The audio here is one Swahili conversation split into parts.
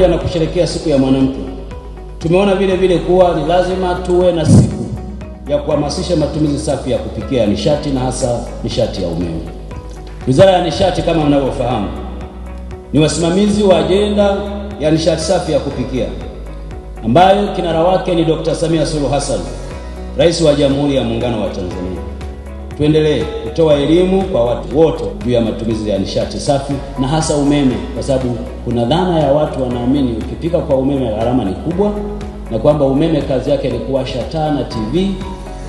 pamoja na kusherekea siku ya mwanamke, tumeona vile vile kuwa ni lazima tuwe na siku ya kuhamasisha matumizi safi ya kupikia ya nishati na hasa nishati ya umeme. Wizara ya Nishati kama mnavyofahamu ni wasimamizi wa ajenda ya nishati safi ya kupikia ambayo kinara wake ni Dr. Samia Suluhu Hassan, Rais wa Jamhuri ya Muungano wa Tanzania. Tuendelee kutoa elimu kwa watu wote juu ya matumizi ya nishati safi na hasa umeme, kwa sababu kuna dhana ya watu wanaamini ukipika kwa umeme gharama ni kubwa, na kwamba umeme kazi yake ni kuwasha taa na TV,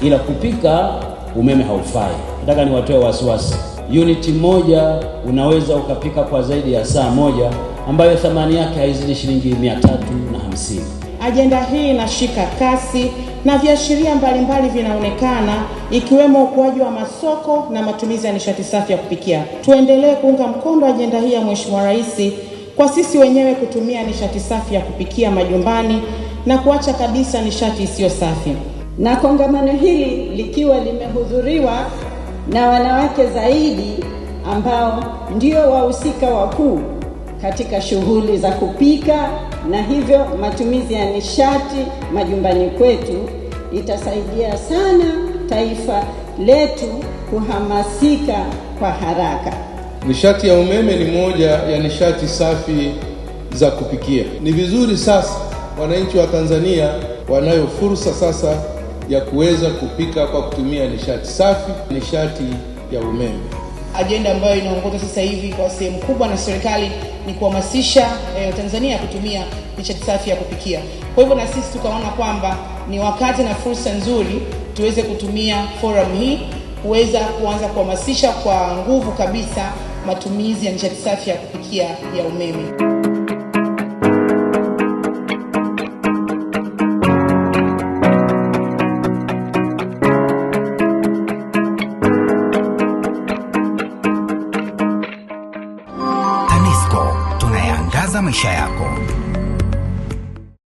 ila kupika umeme haufai. Nataka niwatoe wasiwasi. Uniti moja unaweza ukapika kwa zaidi ya saa moja ambayo thamani yake haizidi shilingi mia tatu na hamsini. Ajenda hii inashika kasi na viashiria mbalimbali vinaonekana ikiwemo ukuaji wa masoko na matumizi ya nishati safi ya kupikia. Tuendelee kuunga mkono ajenda hii ya Mheshimiwa Rais kwa sisi wenyewe kutumia nishati safi ya kupikia majumbani na kuacha kabisa nishati isiyo safi. Na kongamano hili likiwa limehudhuriwa na wanawake zaidi ambao ndio wahusika wakuu katika shughuli za kupika na hivyo matumizi ya nishati majumbani kwetu itasaidia sana taifa letu kuhamasika kwa haraka. Nishati ya umeme ni moja ya nishati safi za kupikia. Ni vizuri sasa wananchi wa Tanzania wanayo fursa sasa ya kuweza kupika kwa kutumia nishati safi, nishati ya umeme ajenda ambayo inaongozwa sasa hivi kwa sehemu kubwa na serikali ni kuhamasisha eh, Tanzania kutumia nishati safi ya kupikia. Kwa hivyo na sisi tukaona kwamba ni wakati na fursa nzuri tuweze kutumia forum hii kuweza kuanza kuhamasisha kwa nguvu kabisa matumizi ya nishati safi ya kupikia ya umeme. Anza maisha yako.